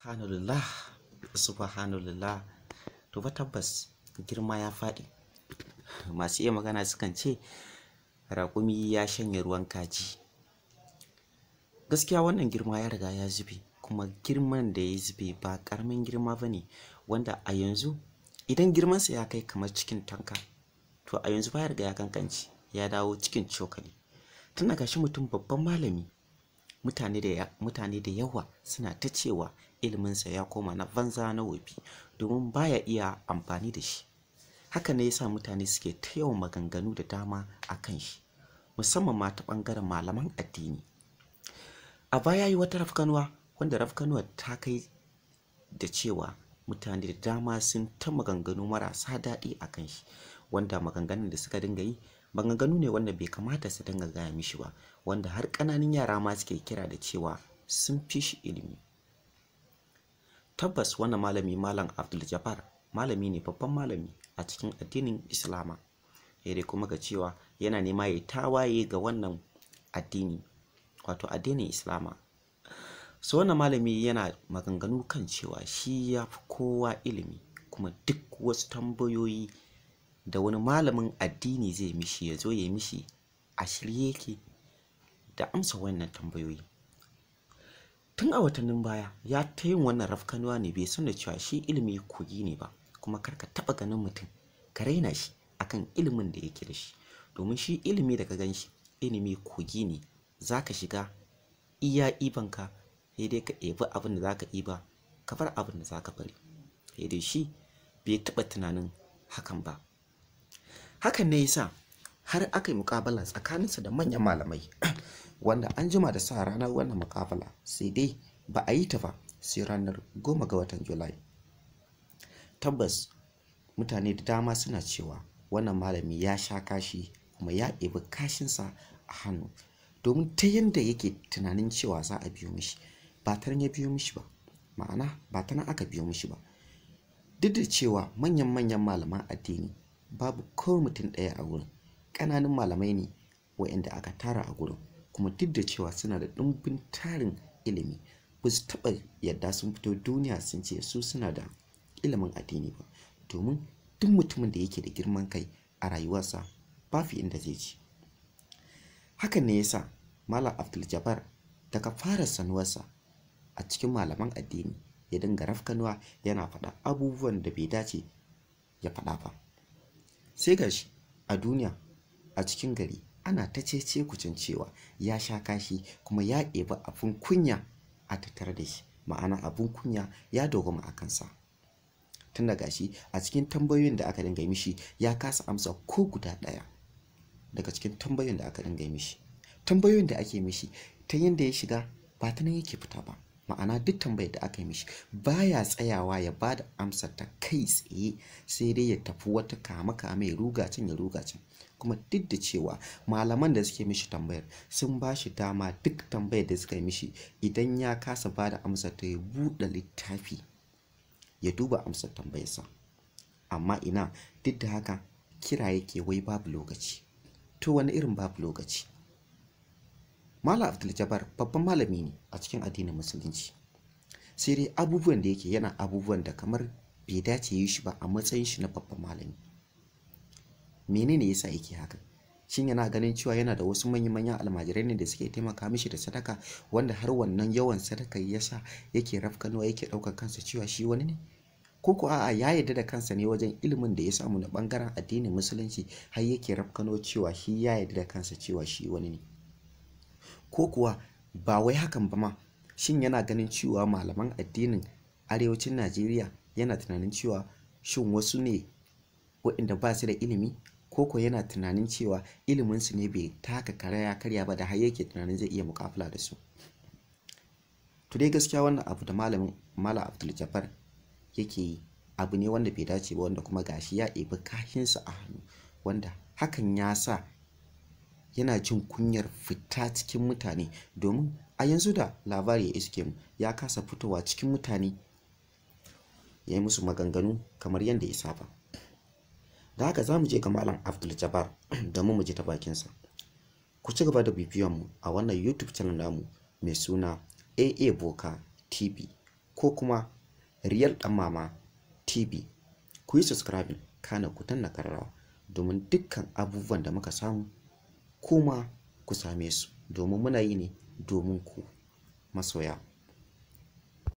Subhanallah, subhanallah. To fa tabbas girma ya faɗi. Masu iya magana sukan ce raƙumi ya shanye ruwan kaji. Gaskiya wannan girma ya riga ya zube kuma girman da ya zube ba ƙaramin girma ba ne wanda a yanzu idan girmansa ya kai kamar cikin tanka to a yanzu ba ya riga ya kankanci ya dawo cikin cokali. Tana gashi mutum babban malami mutane da yawa suna ta cewa iliminsa ya koma na banza na wofi domin baya iya amfani da shi haka ne yasa mutane suke ta yawan maganganu da dama a kan shi musamman ma ta ɓangaren malaman addini a baya yi wata rafkanuwa wanda rafkanuwa ta kai da cewa mutane da dama sun ta maganganu marasa daɗi a kan shi wanda maganganun da suka dinga yi maganganu ne wanda bai kamata su dinga gaya mishi ba wanda har ƙananan yara ma suke kira da cewa sun fi shi ilimi tabbas wannan malami malam abdul jabbar malami ne babban malami a cikin addinin islama ya dai kuma ga cewa yana nema ya tawaye ga wannan addini wato addinin islama Su wannan malami yana maganganu kan cewa shi ya fi kowa ilimi kuma duk wasu tambayoyi da wani malamin addini zai mishi ya zo ya mishi a shirye yake da amsa wannan tambayoyi tun a watannin baya ya ta yin wannan rafkanuwa ne bai san da cewa shi ilimi kogi ne ba kuma karka ka taɓa ganin mutum ka raina shi akan ilimin da yake da shi domin shi ilimi da ka gan shi ilimi kogi ne za ka shiga iya ibanka sai dai ka ɗebi abin da za ka ɗiba ka bar abin da za ka bari sai dai shi bai taɓa tunanin hakan ba hakan ne yasa har aka yi mukabala tsakaninsa da manyan malamai wanda an jima da sa ranar wannan mukabala sai dai ba a yi ta ba sai ranar goma ga watan julai tabbas mutane da dama suna cewa wannan malami ya sha kashi kuma ya ɗebi kashinsa a hannu domin ta yadda yake tunanin cewa za a biyo mishi ba ta ya biyo mishi ba ma'ana ba ta aka biyo mishi ba duk da cewa manyan-manyan malaman addini babu kawai mutum ɗaya a wurin ƙananun malamai ne waɗanda aka tara a gurin kuma duk da cewa suna da ɗumbin tarin ilimi ba su taɓa yadda sun fito duniya sun ce su suna da ilimin addini ba domin duk mutumin da yake da girman kai a rayuwarsa ba fi inda zai ci hakan ne yasa malam abdul jabbar daga fara sanuwarsa a cikin malaman addini ya dinga rafkanuwa yana faɗa abubuwan da bai dace ya faɗa ba sai gashi a duniya a cikin gari ana ta cece kucin cewa ya sha kashi kuma ya ɗebi abin kunya a tattare da shi ma'ana abin kunya ya dogama a kansa tun daga shi a cikin tambayoyin da aka dinga mishi ya kasa amsa ko guda ɗaya daga cikin tambayoyin da aka dinga mishi tambayoyin da ake mishi ta yadda ya shiga ba ta nan yake fita ba ma'ana duk tambayar da aka yi mishi baya tsayawa ya ba da amsa ta kai tsaye sai dai ya tafi wata kama kama ya ruga can ya ruga can kuma duk da cewa malaman da suke mishi tambayar sun ba shi dama duk tambayar da suka yi mishi idan ya kasa ba da amsa ta ya buɗe littafi ya duba amsar tambayarsa amma ina duk da haka kira yake wai babu lokaci to wani irin babu lokaci Malam Abdul Jabbar babban malami ne a cikin addinin musulunci. Sai dai abubuwan da yake yana abubuwan da kamar bai dace yi shi ba a matsayin shi na babban malami. Menene yasa yake haka? Shin yana ganin cewa yana da wasu manyan manyan almajirai ne da suke taimaka mishi da sadaka wanda har wannan yawan sadaka yasa yake rafkanuwa yake ɗaukar kansa cewa shi wani ne? ko ko a'a ya yarda da kansa ne wajen ilimin da ya samu na bangaren addinin musulunci har yake rafkano cewa shi ya yarda da kansa cewa shi wani ne ko kuwa ba wai hakan ba ma shin yana ganin cewa malaman addinin arewacin najeriya yana tunanin cewa shin wasu ne waɗanda ba su da ilimi Ko koko yana tunanin cewa iliminsu ne bai taka karaya karya ba da har yake tunanin zai iya mukafula da su to dai gaskiya wannan abu da malamin malam abdul jabbar yake yi abu ne wanda bai dace ba wanda kuma gashi ya ɗebi kahinsu a hannu wanda hakan ya sa yana cin kunyar fita cikin mutane domin a yanzu da labari ya iske mu ya kasa fitowa cikin mutane ya yi musu maganganu kamar yadda ya saba da haka za mu je ga malam abdul jabbar domin mu je ta bakinsa ku ci gaba da bibiyon mu a wannan youtube channel namu mai suna aa boka tv ko kuma real dan mama tv ku yi subscribing kana kutan na kararrawa domin dukkan abubuwan da muka samu kuma ku same su domin muna yi ne domin ku masoya